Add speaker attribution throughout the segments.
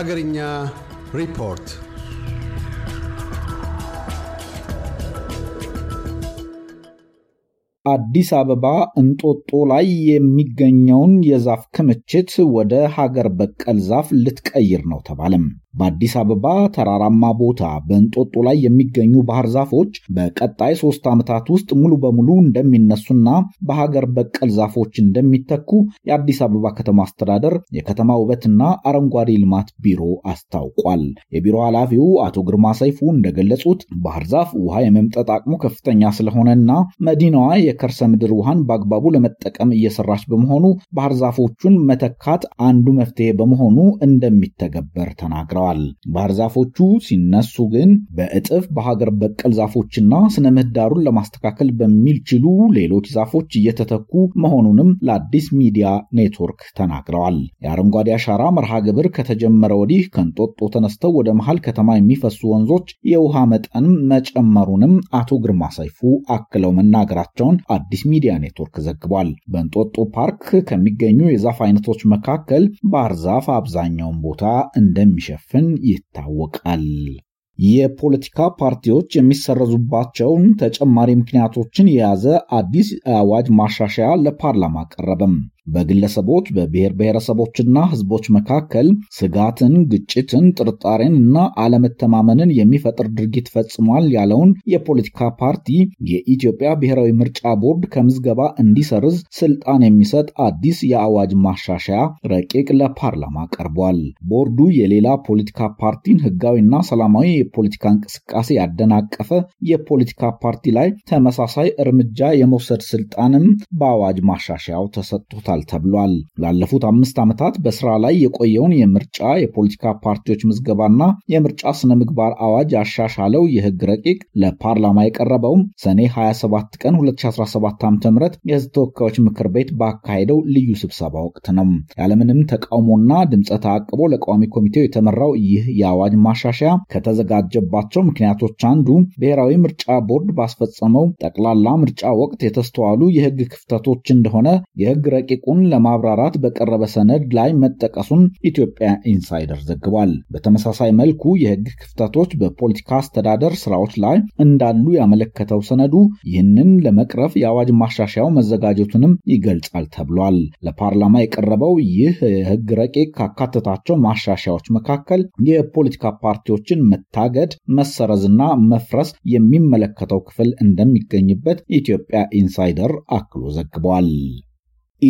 Speaker 1: ሀገርኛ ሪፖርት አዲስ አበባ እንጦጦ ላይ የሚገኘውን የዛፍ ክምችት ወደ ሀገር በቀል ዛፍ ልትቀይር ነው ተባለም። በአዲስ አበባ ተራራማ ቦታ በእንጦጦ ላይ የሚገኙ ባህር ዛፎች በቀጣይ ሶስት ዓመታት ውስጥ ሙሉ በሙሉ እንደሚነሱና በሀገር በቀል ዛፎች እንደሚተኩ የአዲስ አበባ ከተማ አስተዳደር የከተማ ውበትና አረንጓዴ ልማት ቢሮ አስታውቋል። የቢሮ ኃላፊው አቶ ግርማ ሰይፉ እንደገለጹት ባህር ዛፍ ውሃ የመምጠጥ አቅሙ ከፍተኛ ስለሆነና መዲናዋ የከርሰ ምድር ውሃን በአግባቡ ለመጠቀም እየሰራች በመሆኑ ባህር ዛፎቹን መተካት አንዱ መፍትሄ በመሆኑ እንደሚተገበር ተናግረዋል። ተተክተዋል። ባህር ዛፎቹ ሲነሱ ግን በእጥፍ በሀገር በቀል ዛፎችና ስነ ምህዳሩን ለማስተካከል በሚችሉ ሌሎች ዛፎች እየተተኩ መሆኑንም ለአዲስ ሚዲያ ኔትወርክ ተናግረዋል። የአረንጓዴ አሻራ መርሃ ግብር ከተጀመረ ወዲህ ከንጦጦ ተነስተው ወደ መሃል ከተማ የሚፈሱ ወንዞች የውሃ መጠን መጨመሩንም አቶ ግርማ ሰይፉ አክለው መናገራቸውን አዲስ ሚዲያ ኔትወርክ ዘግቧል። በእንጦጦ ፓርክ ከሚገኙ የዛፍ አይነቶች መካከል ባህር ዛፍ አብዛኛውን ቦታ እንደሚሸፍን መሆናችን ይታወቃል። የፖለቲካ ፓርቲዎች የሚሰረዙባቸውን ተጨማሪ ምክንያቶችን የያዘ አዲስ አዋጅ ማሻሻያ ለፓርላማ ቀረበም። በግለሰቦች በብሔር ብሔረሰቦችና ህዝቦች መካከል ስጋትን፣ ግጭትን፣ ጥርጣሬን እና አለመተማመንን የሚፈጥር ድርጊት ፈጽሟል ያለውን የፖለቲካ ፓርቲ የኢትዮጵያ ብሔራዊ ምርጫ ቦርድ ከምዝገባ እንዲሰርዝ ስልጣን የሚሰጥ አዲስ የአዋጅ ማሻሻያ ረቂቅ ለፓርላማ ቀርቧል። ቦርዱ የሌላ ፖለቲካ ፓርቲን ህጋዊና ሰላማዊ የፖለቲካ እንቅስቃሴ ያደናቀፈ የፖለቲካ ፓርቲ ላይ ተመሳሳይ እርምጃ የመውሰድ ስልጣንም በአዋጅ ማሻሻያው ተሰጥቶታል። ይጠይቃል ተብሏል። ላለፉት አምስት ዓመታት በስራ ላይ የቆየውን የምርጫ የፖለቲካ ፓርቲዎች ምዝገባና የምርጫ ስነ ምግባር አዋጅ ያሻሻለው የህግ ረቂቅ ለፓርላማ የቀረበውም ሰኔ 27 ቀን 2017 ዓ ም የህዝብ ተወካዮች ምክር ቤት ባካሄደው ልዩ ስብሰባ ወቅት ነው። ያለምንም ተቃውሞና ድምፀ ተአቅቦ ለቋሚ ኮሚቴው የተመራው ይህ የአዋጅ ማሻሻያ ከተዘጋጀባቸው ምክንያቶች አንዱ ብሔራዊ ምርጫ ቦርድ ባስፈጸመው ጠቅላላ ምርጫ ወቅት የተስተዋሉ የህግ ክፍተቶች እንደሆነ የህግ ረቂቁ ሐቁን ለማብራራት በቀረበ ሰነድ ላይ መጠቀሱን ኢትዮጵያ ኢንሳይደር ዘግቧል። በተመሳሳይ መልኩ የህግ ክፍተቶች በፖለቲካ አስተዳደር ስራዎች ላይ እንዳሉ ያመለከተው ሰነዱ ይህንን ለመቅረፍ የአዋጅ ማሻሻያው መዘጋጀቱንም ይገልጻል ተብሏል። ለፓርላማ የቀረበው ይህ የህግ ረቂቅ ካካተታቸው ማሻሻያዎች መካከል የፖለቲካ ፓርቲዎችን መታገድ፣ መሰረዝና መፍረስ የሚመለከተው ክፍል እንደሚገኝበት ኢትዮጵያ ኢንሳይደር አክሎ ዘግቧል።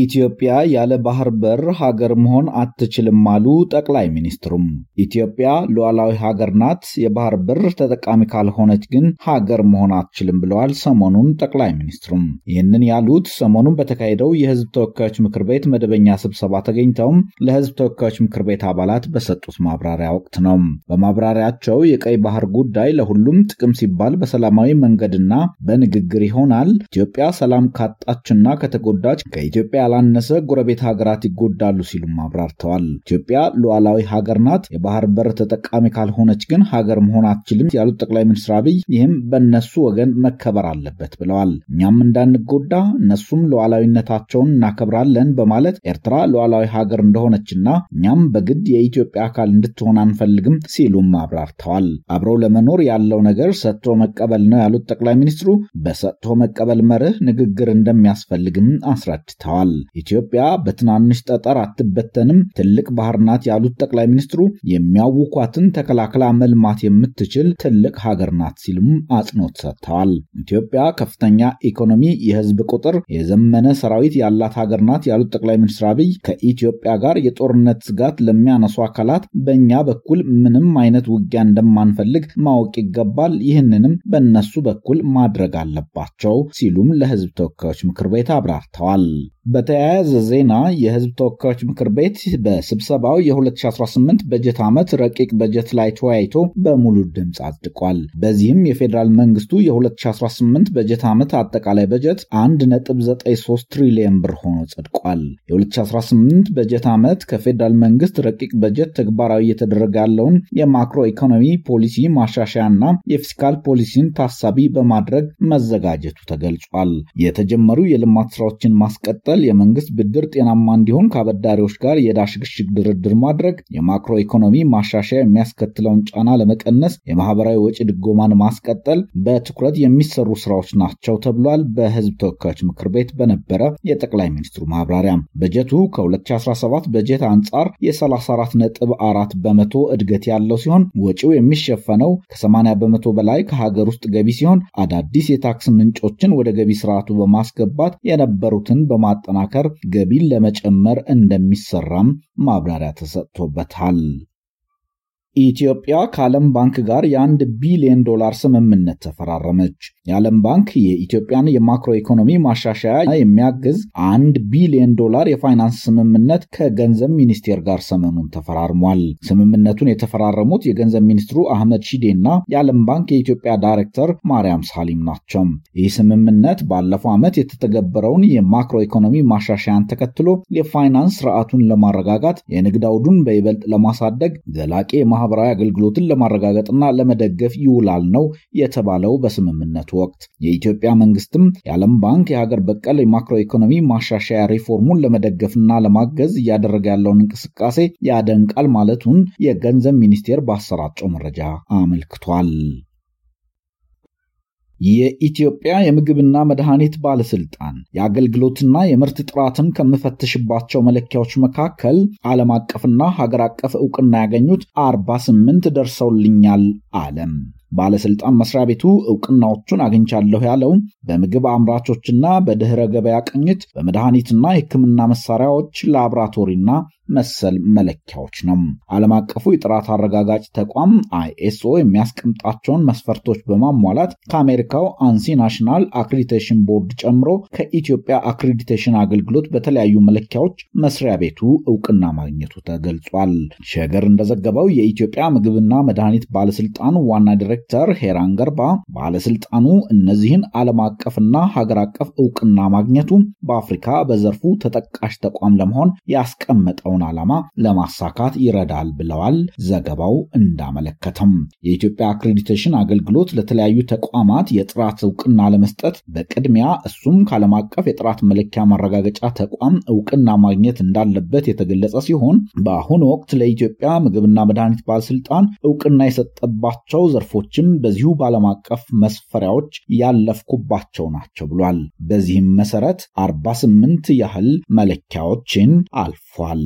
Speaker 1: ኢትዮጵያ ያለ ባህር በር ሀገር መሆን አትችልም አሉ ጠቅላይ ሚኒስትሩም። ኢትዮጵያ ሉዓላዊ ሀገር ናት፣ የባህር በር ተጠቃሚ ካልሆነች ግን ሀገር መሆን አትችልም ብለዋል ሰሞኑን ጠቅላይ ሚኒስትሩም። ይህንን ያሉት ሰሞኑን በተካሄደው የህዝብ ተወካዮች ምክር ቤት መደበኛ ስብሰባ ተገኝተውም ለህዝብ ተወካዮች ምክር ቤት አባላት በሰጡት ማብራሪያ ወቅት ነው። በማብራሪያቸው የቀይ ባህር ጉዳይ ለሁሉም ጥቅም ሲባል በሰላማዊ መንገድና በንግግር ይሆናል። ኢትዮጵያ ሰላም ካጣችና ከተጎዳች ከኢትዮጵያ ከኢትዮጵያ ያላነሰ ጎረቤት ሀገራት ይጎዳሉ ሲሉም አብራርተዋል። ኢትዮጵያ ሉዓላዊ ሀገር ናት። የባህር በር ተጠቃሚ ካልሆነች ግን ሀገር መሆን አትችልም ያሉት ጠቅላይ ሚኒስትር አብይ ይህም በእነሱ ወገን መከበር አለበት ብለዋል። እኛም እንዳንጎዳ እነሱም ሉዓላዊነታቸውን እናከብራለን በማለት ኤርትራ ሉዓላዊ ሀገር እንደሆነችና እኛም በግድ የኢትዮጵያ አካል እንድትሆን አንፈልግም ሲሉም አብራርተዋል። አብረው ለመኖር ያለው ነገር ሰጥቶ መቀበል ነው ያሉት ጠቅላይ ሚኒስትሩ በሰጥቶ መቀበል መርህ ንግግር እንደሚያስፈልግም አስረድተዋል። ተናግረዋል። ኢትዮጵያ በትናንሽ ጠጠር አትበተንም፣ ትልቅ ባህር ናት ያሉት ጠቅላይ ሚኒስትሩ የሚያውኳትን ተከላክላ መልማት የምትችል ትልቅ ሀገር ናት ሲሉም አጽንኦት ሰጥተዋል። ኢትዮጵያ ከፍተኛ ኢኮኖሚ፣ የህዝብ ቁጥር፣ የዘመነ ሰራዊት ያላት ሀገር ናት ያሉት ጠቅላይ ሚኒስትር አብይ ከኢትዮጵያ ጋር የጦርነት ስጋት ለሚያነሱ አካላት በእኛ በኩል ምንም አይነት ውጊያ እንደማንፈልግ ማወቅ ይገባል። ይህንንም በእነሱ በኩል ማድረግ አለባቸው ሲሉም ለህዝብ ተወካዮች ምክር ቤት አብራርተዋል። በተያያዘ ዜና የህዝብ ተወካዮች ምክር ቤት በስብሰባው የ2018 በጀት ዓመት ረቂቅ በጀት ላይ ተወያይቶ በሙሉ ድምፅ አጽድቋል። በዚህም የፌዴራል መንግስቱ የ2018 በጀት ዓመት አጠቃላይ በጀት 1.93 ትሪሊየን ብር ሆኖ ጸድቋል። የ2018 በጀት ዓመት ከፌዴራል መንግስት ረቂቅ በጀት ተግባራዊ እየተደረገ ያለውን የማክሮ ኢኮኖሚ ፖሊሲ ማሻሻያና የፊስካል ፖሊሲን ታሳቢ በማድረግ መዘጋጀቱ ተገልጿል። የተጀመሩ የልማት ስራዎችን ማስቀጠል መቀጠል፣ የመንግስት ብድር ጤናማ እንዲሆን ከአበዳሪዎች ጋር የዕዳ ሽግሽግ ድርድር ማድረግ፣ የማክሮ ኢኮኖሚ ማሻሻያ የሚያስከትለውን ጫና ለመቀነስ የማህበራዊ ወጪ ድጎማን ማስቀጠል በትኩረት የሚሰሩ ስራዎች ናቸው ተብሏል። በህዝብ ተወካዮች ምክር ቤት በነበረ የጠቅላይ ሚኒስትሩ ማብራሪያም በጀቱ ከ2017 በጀት አንጻር የ 4 በመቶ እድገት ያለው ሲሆን ወጪው የሚሸፈነው ከ80 በመቶ በላይ ከሀገር ውስጥ ገቢ ሲሆን አዳዲስ የታክስ ምንጮችን ወደ ገቢ ስርዓቱ በማስገባት የነበሩትን በማጣ ለማጠናከር ገቢን ለመጨመር እንደሚሰራም ማብራሪያ ተሰጥቶበታል። ኢትዮጵያ ከዓለም ባንክ ጋር የአንድ ቢሊዮን ዶላር ስምምነት ተፈራረመች። የዓለም ባንክ የኢትዮጵያን የማክሮ ኢኮኖሚ ማሻሻያ የሚያግዝ አንድ ቢሊዮን ዶላር የፋይናንስ ስምምነት ከገንዘብ ሚኒስቴር ጋር ሰሞኑን ተፈራርሟል። ስምምነቱን የተፈራረሙት የገንዘብ ሚኒስትሩ አህመድ ሺዴ እና የዓለም ባንክ የኢትዮጵያ ዳይሬክተር ማርያም ሳሊም ናቸው። ይህ ስምምነት ባለፈው ዓመት የተተገበረውን የማክሮ ኢኮኖሚ ማሻሻያን ተከትሎ የፋይናንስ ስርዓቱን ለማረጋጋት፣ የንግድ አውዱን በይበልጥ ለማሳደግ ዘላቂ ማህበራዊ አገልግሎትን ለማረጋገጥና ለመደገፍ ይውላል ነው የተባለው በስምምነቱ ወቅት። የኢትዮጵያ መንግስትም የዓለም ባንክ የሀገር በቀል የማክሮ ኢኮኖሚ ማሻሻያ ሪፎርሙን ለመደገፍና ለማገዝ እያደረገ ያለውን እንቅስቃሴ ያደንቃል ማለቱን የገንዘብ ሚኒስቴር ባሰራጨው መረጃ አመልክቷል። የኢትዮጵያ የምግብና መድኃኒት ባለስልጣን የአገልግሎትና የምርት ጥራትን ከምፈትሽባቸው መለኪያዎች መካከል ዓለም አቀፍና ሀገር አቀፍ እውቅና ያገኙት 48 ደርሰውልኛል አለም። ባለስልጣን መስሪያ ቤቱ እውቅናዎቹን አግኝቻለሁ ያለው በምግብ አምራቾችና በድኅረ ገበያ ቅኝት፣ በመድኃኒትና የሕክምና መሳሪያዎች ላብራቶሪና መሰል መለኪያዎች ነው። ዓለም አቀፉ የጥራት አረጋጋጭ ተቋም አይኤስኦ የሚያስቀምጣቸውን መስፈርቶች በማሟላት ከአሜሪካው አንሲ ናሽናል አክሬዲቴሽን ቦርድ ጨምሮ ከኢትዮጵያ አክሬዲቴሽን አገልግሎት በተለያዩ መለኪያዎች መስሪያ ቤቱ እውቅና ማግኘቱ ተገልጿል። ሸገር እንደዘገበው የኢትዮጵያ ምግብና መድኃኒት ባለስልጣን ዋና ዲሬክተር ሄራን ገርባ ባለስልጣኑ እነዚህን ዓለም አቀፍና ሀገር አቀፍ እውቅና ማግኘቱ በአፍሪካ በዘርፉ ተጠቃሽ ተቋም ለመሆን ያስቀመጠው ያለውን ዓላማ ለማሳካት ይረዳል ብለዋል። ዘገባው እንዳመለከተም የኢትዮጵያ አክሬዲቴሽን አገልግሎት ለተለያዩ ተቋማት የጥራት እውቅና ለመስጠት በቅድሚያ እሱም ከዓለም አቀፍ የጥራት መለኪያ ማረጋገጫ ተቋም እውቅና ማግኘት እንዳለበት የተገለጸ ሲሆን በአሁኑ ወቅት ለኢትዮጵያ ምግብና መድኃኒት ባለስልጣን እውቅና የሰጠባቸው ዘርፎችም በዚሁ በዓለም አቀፍ መስፈሪያዎች ያለፍኩባቸው ናቸው ብሏል። በዚህም መሰረት 48 ያህል መለኪያዎችን አልፏል።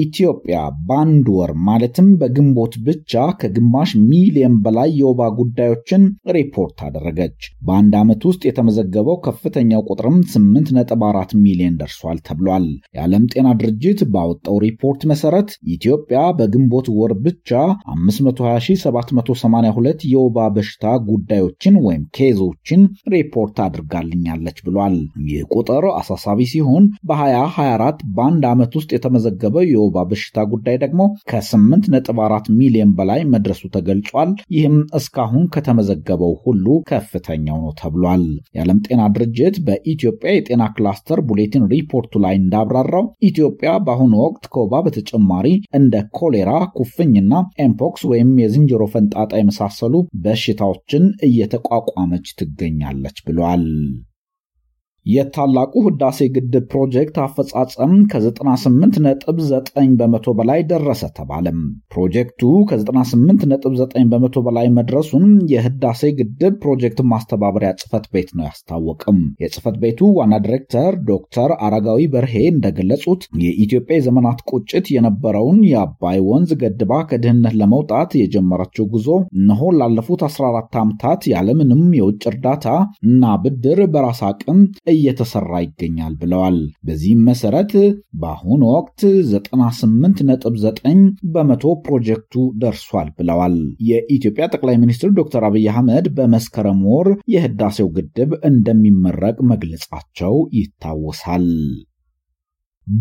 Speaker 1: ኢትዮጵያ በአንድ ወር ማለትም በግንቦት ብቻ ከግማሽ ሚሊየን በላይ የወባ ጉዳዮችን ሪፖርት አደረገች። በአንድ ዓመት ውስጥ የተመዘገበው ከፍተኛው ቁጥርም 8.4 ሚሊዮን ደርሷል ተብሏል። የዓለም ጤና ድርጅት ባወጣው ሪፖርት መሰረት ኢትዮጵያ በግንቦት ወር ብቻ 520782 የወባ በሽታ ጉዳዮችን ወይም ኬዞችን ሪፖርት አድርጋልኛለች ብሏል። ይህ ቁጥር አሳሳቢ ሲሆን በ2024 በአንድ ዓመት ውስጥ የተመዘገበው የወባ በሽታ ጉዳይ ደግሞ ከ8.4 ሚሊዮን በላይ መድረሱ ተገልጿል። ይህም እስካሁን ከተመዘገበው ሁሉ ከፍተኛው ነው ተብሏል። የዓለም ጤና ድርጅት በኢትዮጵያ የጤና ክላስተር ቡሌቲን ሪፖርቱ ላይ እንዳብራራው ኢትዮጵያ በአሁኑ ወቅት ከወባ በተጨማሪ እንደ ኮሌራ፣ ኩፍኝና ኤምፖክስ ወይም የዝንጀሮ ፈንጣጣ የመሳሰሉ በሽታዎችን እየተቋቋመች ትገኛለች ብሏል። የታላቁ ህዳሴ ግድብ ፕሮጀክት አፈጻጸም ከ 98 ነጥ9 በመቶ በላይ ደረሰ ተባለም። ፕሮጀክቱ ከ98.9 በመቶ በላይ መድረሱን የህዳሴ ግድብ ፕሮጀክት ማስተባበሪያ ጽፈት ቤት ነው ያስታወቅም። የጽፈት ቤቱ ዋና ዲሬክተር ዶክተር አረጋዊ በርሄ እንደገለጹት የኢትዮጵያ የዘመናት ቁጭት የነበረውን የአባይ ወንዝ ገድባ ከድህነት ለመውጣት የጀመረችው ጉዞ እነሆ ላለፉት 14 ዓመታት ያለምንም የውጭ እርዳታ እና ብድር በራስ አቅም እየተሰራ ይገኛል ብለዋል። በዚህም መሰረት በአሁኑ ወቅት 98.9 በመቶ ፕሮጀክቱ ደርሷል ብለዋል። የኢትዮጵያ ጠቅላይ ሚኒስትር ዶክተር አብይ አህመድ በመስከረም ወር የህዳሴው ግድብ እንደሚመረቅ መግለጻቸው ይታወሳል።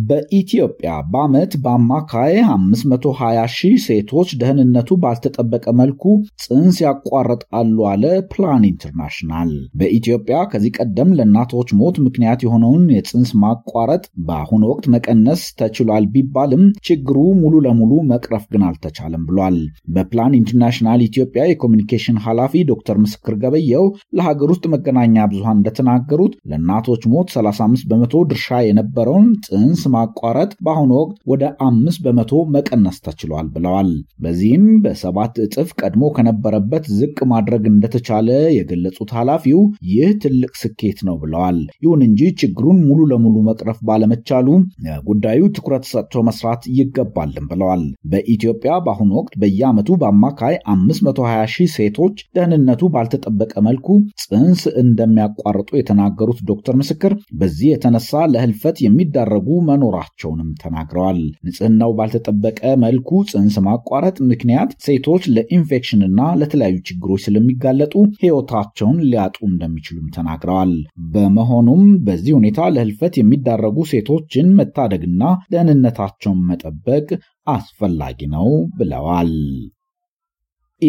Speaker 1: በኢትዮጵያ በዓመት በአማካይ 520 ሺህ ሴቶች ደህንነቱ ባልተጠበቀ መልኩ ጽንስ ያቋርጣሉ አለ ፕላን ኢንተርናሽናል። በኢትዮጵያ ከዚህ ቀደም ለእናቶች ሞት ምክንያት የሆነውን የጽንስ ማቋረጥ በአሁኑ ወቅት መቀነስ ተችሏል ቢባልም ችግሩ ሙሉ ለሙሉ መቅረፍ ግን አልተቻለም ብሏል። በፕላን ኢንተርናሽናል ኢትዮጵያ የኮሚኒኬሽን ኃላፊ ዶክተር ምስክር ገበየው ለሀገር ውስጥ መገናኛ ብዙሃን እንደተናገሩት ለእናቶች ሞት 35 በመቶ ድርሻ የነበረውን ጽንስ ፋይናንስ ማቋረጥ በአሁኑ ወቅት ወደ አምስት በመቶ መቀነስ ተችሏል ብለዋል። በዚህም በሰባት እጥፍ ቀድሞ ከነበረበት ዝቅ ማድረግ እንደተቻለ የገለጹት ኃላፊው ይህ ትልቅ ስኬት ነው ብለዋል። ይሁን እንጂ ችግሩን ሙሉ ለሙሉ መቅረፍ ባለመቻሉ ጉዳዩ ትኩረት ሰጥቶ መስራት ይገባልን ብለዋል። በኢትዮጵያ በአሁኑ ወቅት በየዓመቱ በአማካይ 520 ሺህ ሴቶች ደህንነቱ ባልተጠበቀ መልኩ ጽንስ እንደሚያቋርጡ የተናገሩት ዶክተር ምስክር በዚህ የተነሳ ለህልፈት የሚዳረጉ መኖራቸውንም ተናግረዋል። ንጽህናው ባልተጠበቀ መልኩ ጽንስ ማቋረጥ ምክንያት ሴቶች ለኢንፌክሽንና ለተለያዩ ችግሮች ስለሚጋለጡ ሕይወታቸውን ሊያጡ እንደሚችሉም ተናግረዋል። በመሆኑም በዚህ ሁኔታ ለህልፈት የሚዳረጉ ሴቶችን መታደግና ደህንነታቸውን መጠበቅ አስፈላጊ ነው ብለዋል።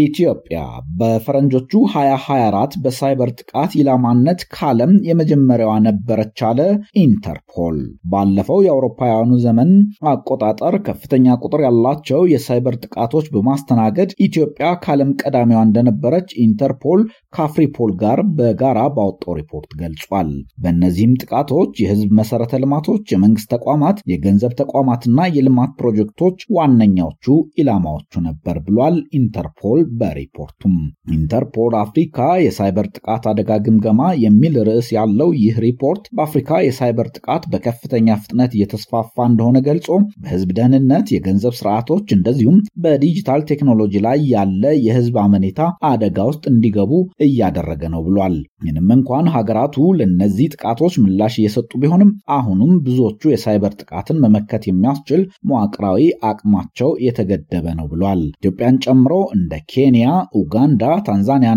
Speaker 1: ኢትዮጵያ በፈረንጆቹ 2024 በሳይበር ጥቃት ኢላማነት ካለም የመጀመሪያዋ ነበረች አለ ኢንተርፖል። ባለፈው የአውሮፓውያኑ ዘመን አቆጣጠር ከፍተኛ ቁጥር ያላቸው የሳይበር ጥቃቶች በማስተናገድ ኢትዮጵያ ካለም ቀዳሚዋ እንደነበረች ኢንተርፖል ከአፍሪፖል ጋር በጋራ ባወጣው ሪፖርት ገልጿል። በእነዚህም ጥቃቶች የህዝብ መሰረተ ልማቶች፣ የመንግስት ተቋማት፣ የገንዘብ ተቋማትና የልማት ፕሮጀክቶች ዋነኛዎቹ ኢላማዎቹ ነበር ብሏል ኢንተርፖል በሪፖርቱም ኢንተርፖል አፍሪካ የሳይበር ጥቃት አደጋ ግምገማ የሚል ርዕስ ያለው ይህ ሪፖርት በአፍሪካ የሳይበር ጥቃት በከፍተኛ ፍጥነት እየተስፋፋ እንደሆነ ገልጾ በህዝብ ደህንነት፣ የገንዘብ ስርዓቶች እንደዚሁም በዲጂታል ቴክኖሎጂ ላይ ያለ የህዝብ አመኔታ አደጋ ውስጥ እንዲገቡ እያደረገ ነው ብሏል። ምንም እንኳን ሀገራቱ ለእነዚህ ጥቃቶች ምላሽ እየሰጡ ቢሆንም አሁንም ብዙዎቹ የሳይበር ጥቃትን መመከት የሚያስችል መዋቅራዊ አቅማቸው የተገደበ ነው ብሏል። ኢትዮጵያን ጨምሮ እንደ ኬንያ፣ ኡጋንዳ፣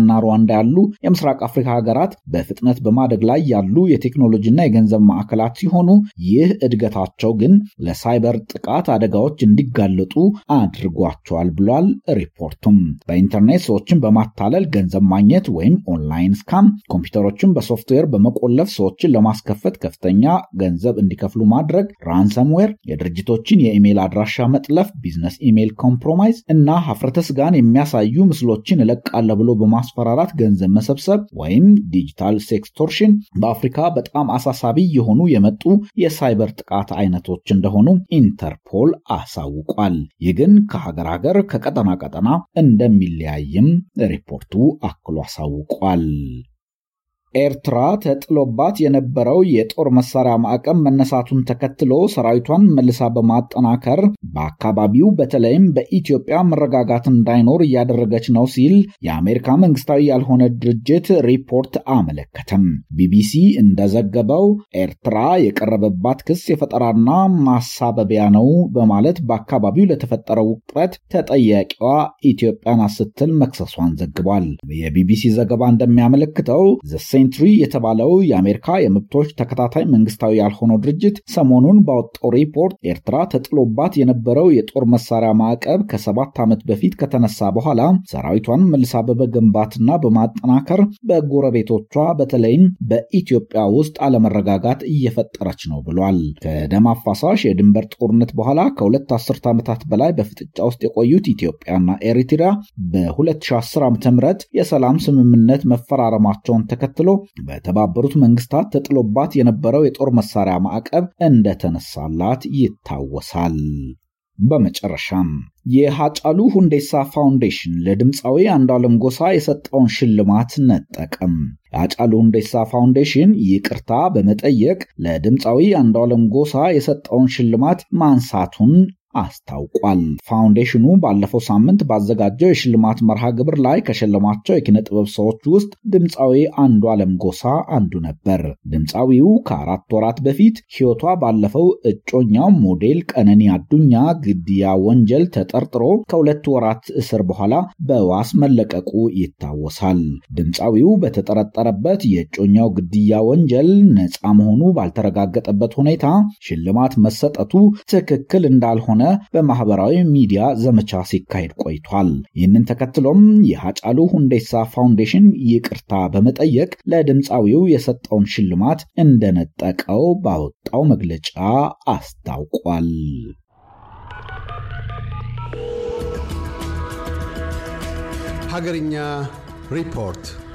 Speaker 1: እና ሩዋንዳ ያሉ የምስራቅ አፍሪካ ሀገራት በፍጥነት በማደግ ላይ ያሉ የቴክኖሎጂና የገንዘብ ማዕከላት ሲሆኑ ይህ እድገታቸው ግን ለሳይበር ጥቃት አደጋዎች እንዲጋለጡ አድርጓቸዋል ብሏል ሪፖርቱም። በኢንተርኔት ሰዎችን በማታለል ገንዘብ ማግኘት ወይም ኦንላይን ስካም፣ ኮምፒውተሮችን በሶፍትዌር በመቆለፍ ሰዎችን ለማስከፈት ከፍተኛ ገንዘብ እንዲከፍሉ ማድረግ፣ ራንሰምዌር፣ የድርጅቶችን የኢሜይል አድራሻ መጥለፍ፣ ቢዝነስ ኢሜይል ኮምፕሮማይዝ እና ሀፍረተ ስጋን የሚያሳ የሚያሳዩ ምስሎችን እለቃለሁ ብሎ በማስፈራራት ገንዘብ መሰብሰብ ወይም ዲጂታል ሴክስቶርሽን በአፍሪካ በጣም አሳሳቢ የሆኑ የመጡ የሳይበር ጥቃት አይነቶች እንደሆኑ ኢንተርፖል አሳውቋል። ይህ ግን ከሀገር ሀገር ከቀጠና ቀጠና እንደሚለያይም ሪፖርቱ አክሎ አሳውቋል። ኤርትራ ተጥሎባት የነበረው የጦር መሳሪያ ማዕቀብ መነሳቱን ተከትሎ ሰራዊቷን መልሳ በማጠናከር በአካባቢው በተለይም በኢትዮጵያ መረጋጋት እንዳይኖር እያደረገች ነው ሲል የአሜሪካ መንግስታዊ ያልሆነ ድርጅት ሪፖርት አመለከተም። ቢቢሲ እንደዘገበው ኤርትራ የቀረበባት ክስ የፈጠራና ማሳበቢያ ነው በማለት በአካባቢው ለተፈጠረው ውጥረት ተጠያቂዋ ኢትዮጵያ ናት ስትል መክሰሷን ዘግቧል። የቢቢሲ ዘገባ እንደሚያመለክተው ሴንቹሪ የተባለው የአሜሪካ የመብቶች ተከታታይ መንግስታዊ ያልሆነው ድርጅት ሰሞኑን ባወጣው ሪፖርት ኤርትራ ተጥሎባት የነበረው የጦር መሳሪያ ማዕቀብ ከሰባት ዓመት በፊት ከተነሳ በኋላ ሰራዊቷን መልሳ በመገንባትና በማጠናከር በጎረቤቶቿ በተለይም በኢትዮጵያ ውስጥ አለመረጋጋት እየፈጠረች ነው ብሏል። ከደም አፋሳሽ የድንበር ጦርነት በኋላ ከሁለት አስርት ዓመታት በላይ በፍጥጫ ውስጥ የቆዩት ኢትዮጵያና ኤሪትራ በ2010 ዓ.ም የሰላም ስምምነት መፈራረማቸውን ተከትሎ በተባበሩት መንግስታት ተጥሎባት የነበረው የጦር መሳሪያ ማዕቀብ እንደተነሳላት ይታወሳል። በመጨረሻም የሃጫሉ ሁንዴሳ ፋውንዴሽን ለድምፃዊ አንዱዓለም ጎሳ የሰጠውን ሽልማት ነጠቅም። የሃጫሉ ሁንዴሳ ፋውንዴሽን ይቅርታ በመጠየቅ ለድምፃዊ አንዱዓለም ጎሳ የሰጠውን ሽልማት ማንሳቱን አስታውቋል። ፋውንዴሽኑ ባለፈው ሳምንት ባዘጋጀው የሽልማት መርሃ ግብር ላይ ከሸለማቸው የኪነ ጥበብ ሰዎች ውስጥ ድምፃዊ አንዱ አለም ጎሳ አንዱ ነበር። ድምፃዊው ከአራት ወራት በፊት ሕይወቷ ባለፈው እጮኛው ሞዴል ቀነኒ አዱኛ ግድያ ወንጀል ተጠርጥሮ ከሁለት ወራት እስር በኋላ በዋስ መለቀቁ ይታወሳል። ድምፃዊው በተጠረጠረበት የእጮኛው ግድያ ወንጀል ነፃ መሆኑ ባልተረጋገጠበት ሁኔታ ሽልማት መሰጠቱ ትክክል እንዳልሆነ በማህበራዊ ሚዲያ ዘመቻ ሲካሄድ ቆይቷል። ይህንን ተከትሎም የሃጫሉ ሁንዴሳ ፋውንዴሽን ይቅርታ በመጠየቅ ለድምፃዊው የሰጠውን ሽልማት እንደነጠቀው ባወጣው መግለጫ አስታውቋል። ሀገርኛ ሪፖርት